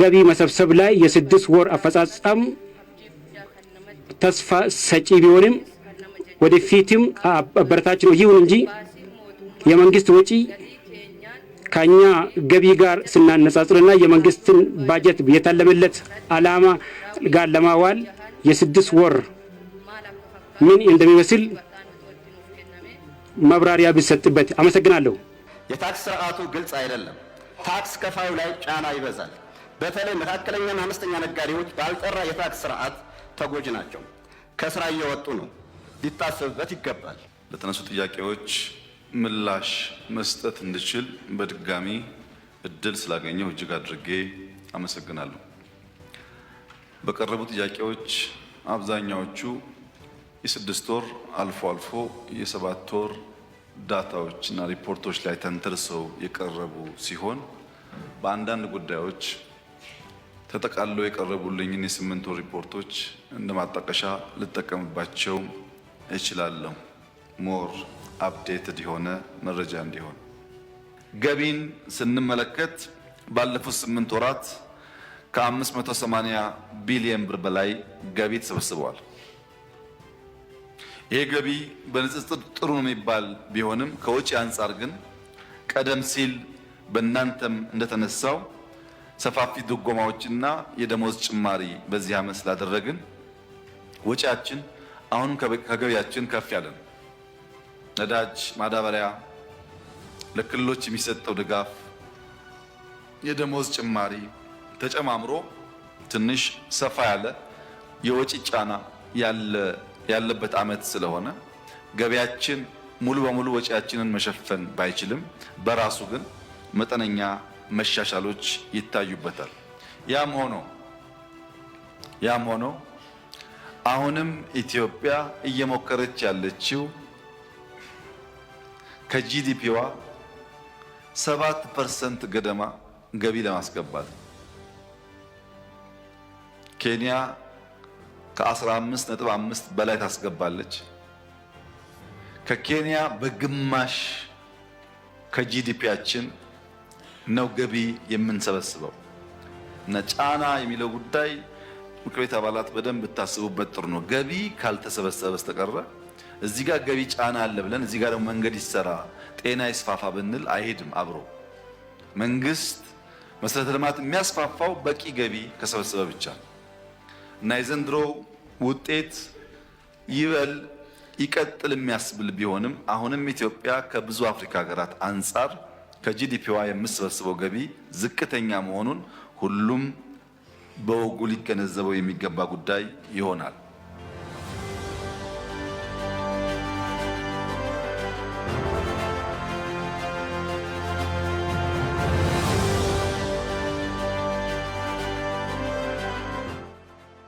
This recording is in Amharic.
ገቢ መሰብሰብ ላይ የስድስት ወር አፈጻጸም ተስፋ ሰጪ ቢሆንም ወደፊትም አበረታች ነው። ይሁን እንጂ የመንግስት ወጪ ከኛ ገቢ ጋር ስናነጻጽርና የመንግስትን ባጀት የታለመለት አላማ ጋር ለማዋል የስድስት ወር ምን እንደሚመስል መብራሪያ ቢሰጥበት። አመሰግናለሁ። የታክስ ስርዓቱ ግልጽ አይደለም። ታክስ ከፋዩ ላይ ጫና ይበዛል። በተለይ መካከለኛና አነስተኛ ነጋዴዎች ባልጠራ የታክስ ስርዓት ተጎጂ ናቸው። ከስራ እየወጡ ነው። ሊታሰብበት ይገባል። ለተነሱ ጥያቄዎች ምላሽ መስጠት እንድችል በድጋሚ እድል ስላገኘሁ እጅግ አድርጌ አመሰግናለሁ። በቀረቡ ጥያቄዎች አብዛኛዎቹ የስድስት ወር አልፎ አልፎ የሰባት ወር ዳታዎችና ሪፖርቶች ላይ ተንተርሰው የቀረቡ ሲሆን በአንዳንድ ጉዳዮች ተጠቃሎ የቀረቡልኝን የስምንቱ ሪፖርቶች እንደ ማጣቀሻ ልጠቀምባቸው እችላለሁ። ሞር አፕዴትድ የሆነ መረጃ እንዲሆን። ገቢን ስንመለከት ባለፉት ስምንት ወራት ከ580 ቢሊየን ብር በላይ ገቢ ተሰብስበዋል። ይሄ ገቢ በንጽጽር ጥሩ ነው የሚባል ቢሆንም ከውጭ አንጻር ግን ቀደም ሲል በእናንተም እንደተነሳው ሰፋፊ ድጎማዎችና የደሞዝ ጭማሪ በዚህ ዓመት ስላደረግን ወጪያችን አሁንም ከገቢያችን ከፍ ያለ ነው። ነዳጅ፣ ማዳበሪያ፣ ለክልሎች የሚሰጠው ድጋፍ፣ የደሞዝ ጭማሪ ተጨማምሮ ትንሽ ሰፋ ያለ የወጪ ጫና ያለበት ዓመት ስለሆነ ገቢያችን ሙሉ በሙሉ ወጪያችንን መሸፈን ባይችልም በራሱ ግን መጠነኛ መሻሻሎች ይታዩበታል። ያም ሆኖ ያም ሆኖ አሁንም ኢትዮጵያ እየሞከረች ያለችው ከጂዲፒዋ ሰባት ፐርሰንት ገደማ ገቢ ለማስገባት ኬንያ ከ15 5 በላይ ታስገባለች። ከኬንያ በግማሽ ከጂዲፒያችን ነው ገቢ የምንሰበስበው እና ጫና የሚለው ጉዳይ ምክር ቤት አባላት በደንብ ብታስቡበት ጥሩ ነው። ገቢ ካልተሰበሰበ በስተቀረ እዚህ ጋር ገቢ ጫና አለ ብለን እዚህ ጋር ደግሞ መንገድ ይሰራ፣ ጤና ይስፋፋ ብንል አይሄድም አብሮ። መንግስት መሰረተ ልማት የሚያስፋፋው በቂ ገቢ ከሰበሰበ ብቻ እና የዘንድሮ ውጤት ይበል ይቀጥል የሚያስብል ቢሆንም አሁንም ኢትዮጵያ ከብዙ አፍሪካ ሀገራት አንጻር ከጂዲፒዋ የምትሰበስበው ገቢ ዝቅተኛ መሆኑን ሁሉም በወጉ ሊገነዘበው የሚገባ ጉዳይ ይሆናል።